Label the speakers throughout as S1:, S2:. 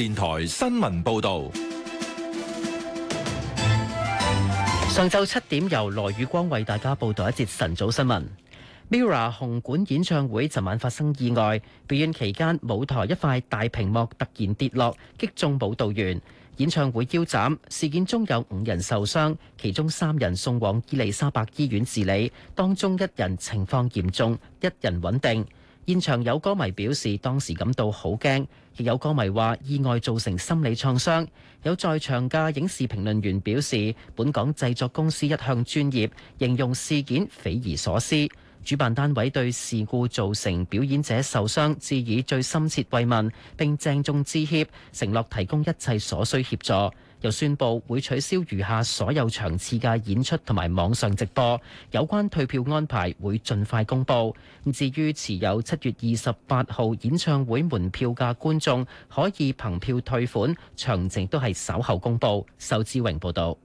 S1: 電台新聞報道：
S2: 上晝七點，由羅宇光為大家報道一節晨早新聞。Mirror 紅館演唱會尋晚發生意外，表演期間舞台一塊大屏幕突然跌落，擊中舞蹈員，演唱會腰斬。事件中有五人受傷，其中三人送往伊利沙伯醫院治理，當中一人情況嚴重，一人穩定。現場有歌迷表示當時感到好驚，亦有歌迷話意外造成心理創傷。有在場嘅影視評論員表示，本港製作公司一向專業，形容事件匪夷所思。主辦單位對事故造成表演者受傷致以最深切慰問，並鄭重致歉，承諾提供一切所需協助。又宣布會取消餘下所有場次嘅演出同埋網上直播，有關退票安排會盡快公布，咁至於持有七月二十八號演唱會門票嘅觀眾可以
S1: 憑票退款，詳情都係稍後公布，仇志榮報道。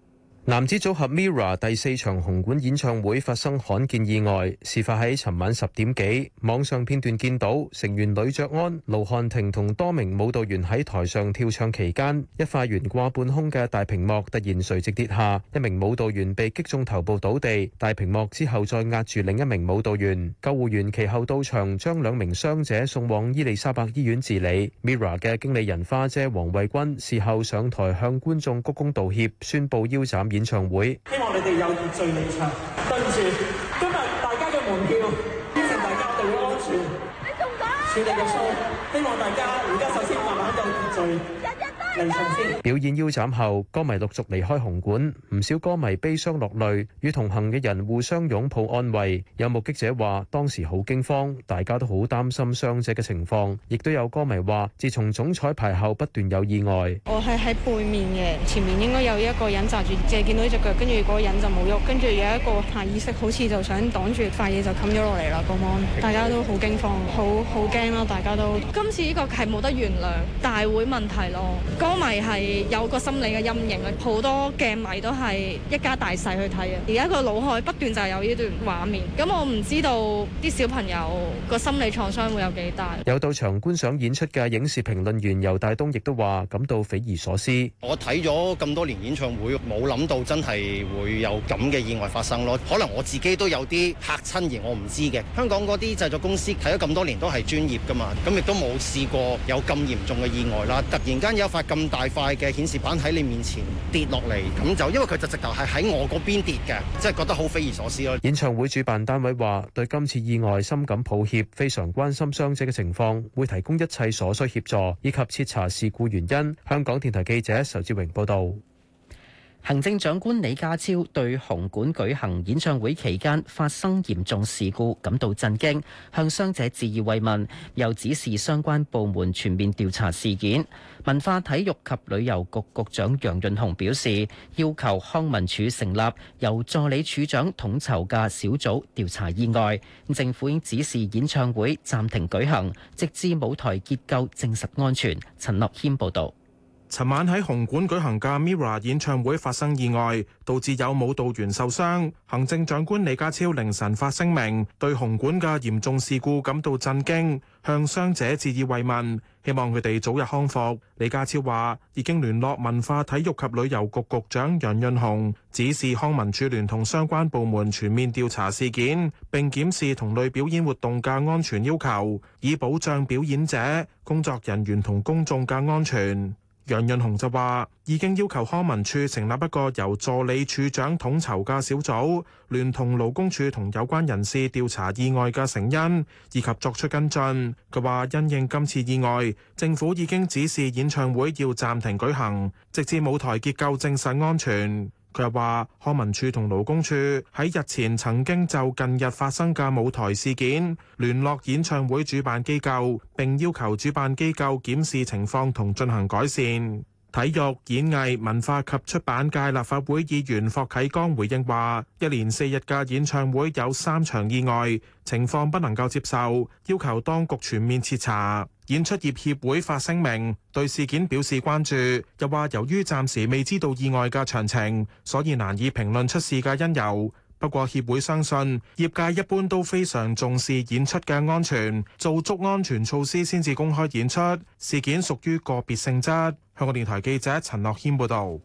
S1: 男子組合 MIRROR 第四場紅館演唱會發生罕見意外，事發喺尋晚十點幾。網上片段見到成員呂爵安、盧瀚霆同多名舞蹈員喺台上跳唱期間，一塊懸掛半空嘅大屏幕突然垂直跌下，一名舞蹈員被擊中頭部倒地，大屏幕之後再壓住另一名舞蹈員。救護員其後到場，將兩名傷者送往伊利沙伯醫院治理。MIRROR 嘅經理人花姐黃慧君事後上台向觀眾鞠躬道歉，宣布腰斬。演唱會，希望你哋有秩序離場。對唔住，今日大家嘅門票，希望大家注意安全。你做咩？處理嘅錯。希望大家而家首先慢慢有秩序。表演腰斬後，歌迷陸續離開紅館，唔少歌迷悲傷落淚，與同行嘅人互相擁抱安慰。有目擊者話，當時好驚慌，大家都好擔心傷者嘅情況。亦都有歌迷話，自從總彩排後，不斷有意外。
S3: 我係喺背面嘅，前面應該有一個人紮住，淨係見到呢隻腳，跟住嗰個人就冇喐，跟住有一個下意識，好似就想擋住塊嘢就冚咗落嚟啦咁樣。
S4: 大家都好驚慌，好好驚咯、啊！大家都今次呢個係冇得原諒大會問題咯。歌迷係有個心理嘅陰影，好多鏡迷都係一家大細去睇啊！而家個腦海不斷就有呢段畫面，咁我唔知道啲小朋友個心理創傷會有幾大。
S1: 有到場觀賞演出嘅影視評論員游大東亦都話：感到匪夷所思。
S2: 我睇咗咁多年演唱會，冇諗到真係會有咁嘅意外發生咯。可能我自己都有啲嚇親，而我唔知嘅。香港嗰啲製作公司睇咗咁多年都係專業㗎嘛，咁亦都冇試過有咁嚴重嘅意外啦。突然間有發覺。咁大塊嘅顯示板喺你面前跌落嚟，咁就因為佢就直頭係喺我嗰邊跌嘅，即係覺得好匪夷所思咯。
S1: 演唱會主辦單位話：對今次意外深感抱歉，非常關心傷者嘅情況，會提供一切所需協助，以及徹查事故原因。香港電台記者仇志榮報道。
S2: 行政長官李家超對紅館舉行演唱會期間發生嚴重事故感到震驚，向傷者致意慰問，又指示相關部門全面調查事件。文化體育及旅遊局局長楊潤雄表示，要求康文署成立由助理署長統籌嘅小組調查意外。政府已指示演唱會暫停舉行，直至舞台結構證實安全。陳諾
S5: 軒報導。尋晚喺紅館舉行嘅 MIRROR 演唱會發生意外，導致有舞蹈員受傷。行政長官李家超凌晨發聲明，對紅館嘅嚴重事故感到震驚，向傷者致以慰問，希望佢哋早日康復。李家超話已經聯絡文化體育及旅遊局局長楊潤雄，指示康文署聯同相關部門全面調查事件，並檢視同類表演活動嘅安全要求，以保障表演者、工作人員同公眾嘅安全。楊潤雄就話，已經要求康文署成立一個由助理處長統籌嘅小組，聯同勞工處同有關人士調查意外嘅成因，以及作出跟進。佢話，因應今次意外，政府已經指示演唱會要暫停舉行，直至舞台結構證實安全。佢又話：康文署同勞工處喺日前曾經就近日發生嘅舞台事件聯絡演唱會主辦機構，並要求主辦機構檢視情況同進行改善。體育、演藝、文化及出版界立法會議員霍啟剛回應話：一連四日嘅演唱會有三場意外，情況不能夠接受，要求當局全面徹查。演出業協會發聲明，對事件表示關注，又話由於暫時未知道意外嘅詳情，所以難以評論出事嘅因由。不過協會相信業界一般都非常重視演出嘅安全，做足安全措施先至公開演出。事件屬於個別性質。香港電台記者陳樂軒報導。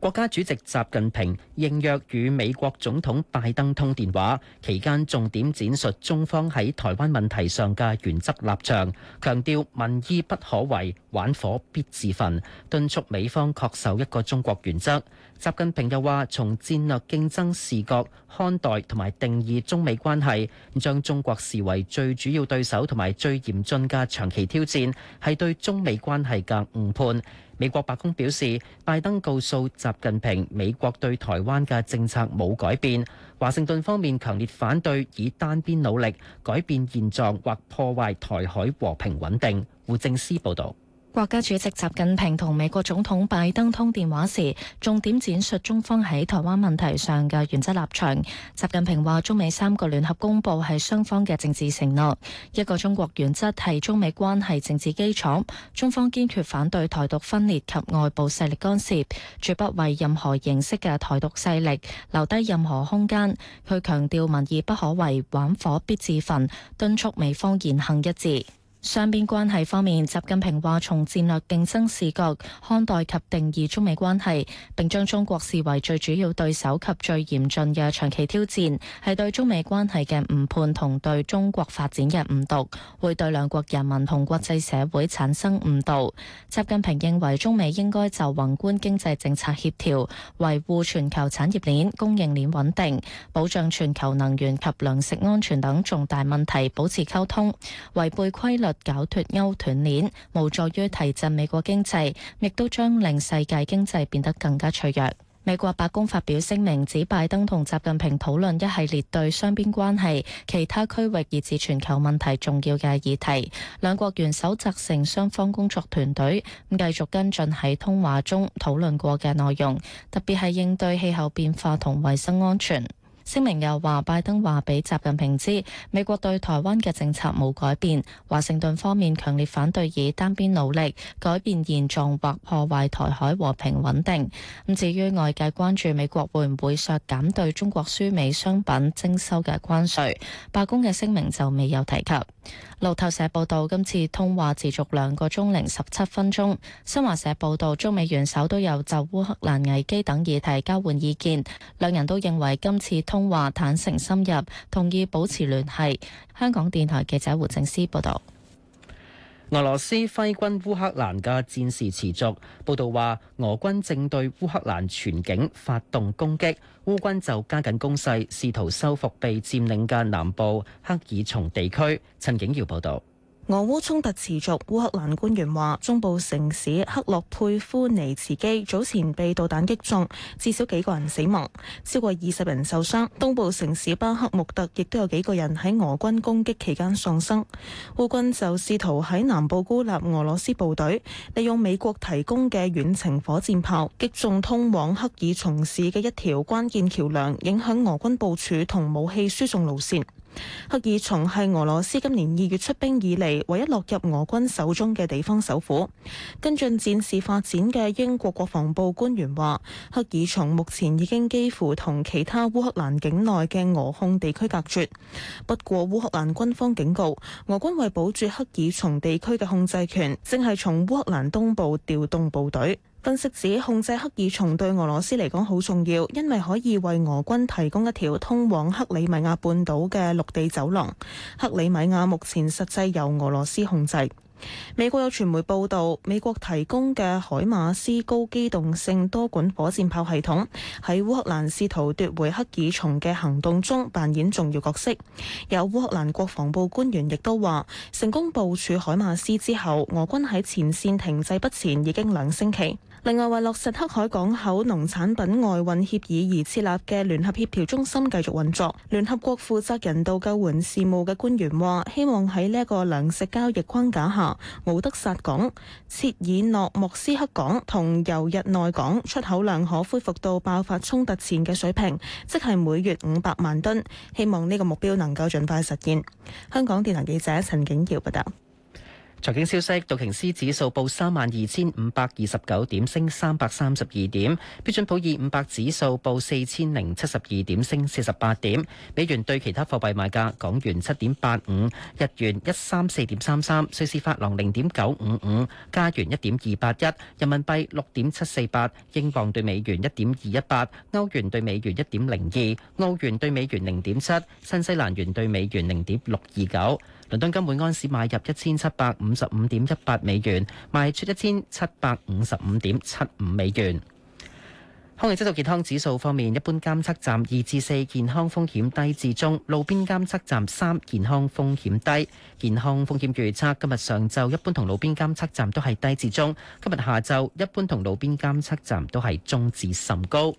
S5: 國家主席習近平
S2: 應約與美國總統拜登通電話，期間重點展述中方喺台灣問題上嘅原則立場，強調民意不可違，玩火必自焚，敦促美方恪守一個中國原則。習近平又話，從戰略競爭視角看待同埋定義中美關係，將中國視為最主要對手同埋最嚴峻嘅長期挑戰，係對中美關係嘅誤判。美國白宮表示，拜登告訴習近平，美國對台灣嘅政策冇改變。華盛頓方面強烈反對以單邊努力改變現狀或破壞台海和平穩定。胡正思報導。
S4: 國家主席習近平同美國總統拜登通電話時，重點展述中方喺台灣問題上嘅原則立場。習近平話：中美三個聯合公報係雙方嘅政治承諾，一個中國原則係中美關係政治基礎。中方堅決反對台獨分裂及外部勢力干涉，絕不為任何形式嘅台獨勢力留低任何空間。佢強調民意不可違，玩火必自焚，敦促美方言行一致。雙邊關係方面，習近平話從戰略競爭視角看待及定義中美關係，並將中國視為最主要對手及最嚴峻嘅長期挑戰，係對中美關係嘅誤判同對中國發展嘅誤讀，會對兩國人民同國際社會產生誤導。習近平認為中美應該就宏觀經濟政策協調、維護全球產業鏈供應鏈穩定、保障全球能源及糧食安全等重大問題保持溝通。違背規律。搞脱歐斷鏈，無助於提振美國經濟，亦都將令世界經濟變得更加脆弱。美國白宮發表聲明，指拜登同習近平討論一系列對雙邊關係、其他區域以至全球問題重要嘅議題。兩國元首責成雙方工作團隊繼續跟進喺通話中討論過嘅內容，特別係應對氣候變化同衛生安全。聲明又話，拜登話俾習近平知，美國對台灣嘅政策冇改變。華盛頓方面強烈反對以單邊努力改變現狀或破壞台海和平穩定。咁至於外界關注美國會唔會削減對中國輸美商品徵收嘅關稅，白宮嘅聲明就未有提及。路透社報道，今次通話持續兩個鐘零十七分鐘。新華社報道，中美元首都有就烏克蘭危機等議題交換意見，兩人都認為今次通話坦誠深入，同意保持聯繫。香港電台記者胡正思報道。
S2: 俄羅斯揮軍烏克蘭嘅戰事持續，報道話俄軍正對烏克蘭全境發動攻擊，烏軍就加緊攻勢，試圖收復被佔領嘅南部克爾松地區。陳景耀報道。
S3: 俄烏衝突持續，烏克蘭官員話，中部城市克洛佩夫尼茨基早前被導彈擊中，至少幾個人死亡，超過二十人受傷。東部城市巴克穆特亦都有幾個人喺俄軍攻擊期間喪生。烏軍就試圖喺南部孤立俄羅斯部隊，利用美國提供嘅遠程火箭炮擊中通往赫爾松市嘅一條關鍵橋梁，影響俄軍部署同武器輸送路線。赫爾松係俄羅斯今年二月出兵以嚟唯一落入俄軍手中嘅地方首府。跟進戰事發展嘅英國國防部官員話，赫爾松目前已經幾乎同其他烏克蘭境內嘅俄控地區隔絕。不過烏克蘭軍方警告，俄軍為保住赫爾松地區嘅控制權，正係從烏克蘭東部調動部隊。分析指控制赫爾松對俄羅斯嚟講好重要，因為可以為俄軍提供一條通往克里米亞半島嘅陸地走廊。克里米亞目前實際由俄羅斯控制。美國有傳媒報道，美國提供嘅海馬斯高機動性多管火箭炮系統喺烏克蘭試圖奪回赫爾松嘅行動中扮演重要角色。有烏克蘭國防部官員亦都話，成功部署海馬斯之後，俄軍喺前線停滯不前已經兩星期。另外，為落實黑海港口農產品外運協議而設立嘅聯合協調中心繼續運作。聯合國負責人道救援事務嘅官員話，希望喺呢一個糧食交易框架下，敖德薩港、切爾諾莫斯克港同尤日內港出口量可恢復到爆發衝突前嘅水平，即係每月五百萬噸，希望呢個目標能夠盡快實現。香港電台記者陳景瑤報道。拜拜。
S2: 財經消息：道瓊斯指數報三萬二千五百二十九點，升三百三十二點；標準普爾五百指數報四千零七十二點，升四十八點。美元對其他貨幣賣價：港元七點八五，日元一三四點三三，瑞士法郎零點九五五，加元一點二八一，人民幣六點七四八，英鎊對美元一點二一八，歐元對美元一點零二，澳元對美元零點七，新西蘭元對美元零點六二九。倫敦金每安士買入一千七百五十五點一八美元，賣出一千七百五十五點七五美元。空氣質素健康指數方面，一般監測站二至四健康風險低至中，路邊監測站三健康風險低。健康風險預測今日上晝一般同路邊監測站都係低至中，今日下晝一般同路邊監測站都係中至甚高。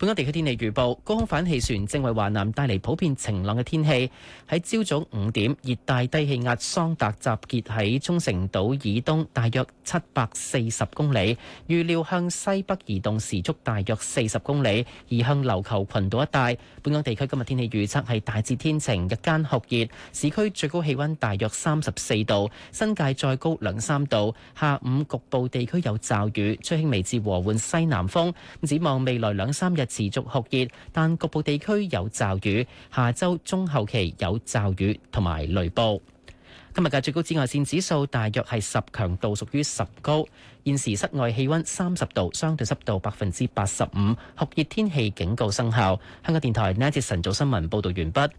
S2: 本港地區天氣預報，高空反氣旋正為華南帶嚟普遍晴朗嘅天氣，喺朝早五點熱帶低氣壓桑達集結喺沖繩島以東大約七百四十公里。預料向西北移動，時速大約四十公里，移向琉球群島一帶。本港地區今日天，天氣預測係大致天晴，日間酷熱，市區最高氣溫大約三十四度，新界再高兩三度。下午局部地區有驟雨，吹輕微至和緩西南風，展望未來兩三日，持續酷熱，但局部地區有驟雨。下周中後期有驟雨同埋雷暴。今日嘅最高紫外線指數大約係十，強度屬於十高。現時室外氣溫三十度，相對濕度百分之八十五，酷熱天氣警告生效。香港電台呢一節晨早新聞報道完畢。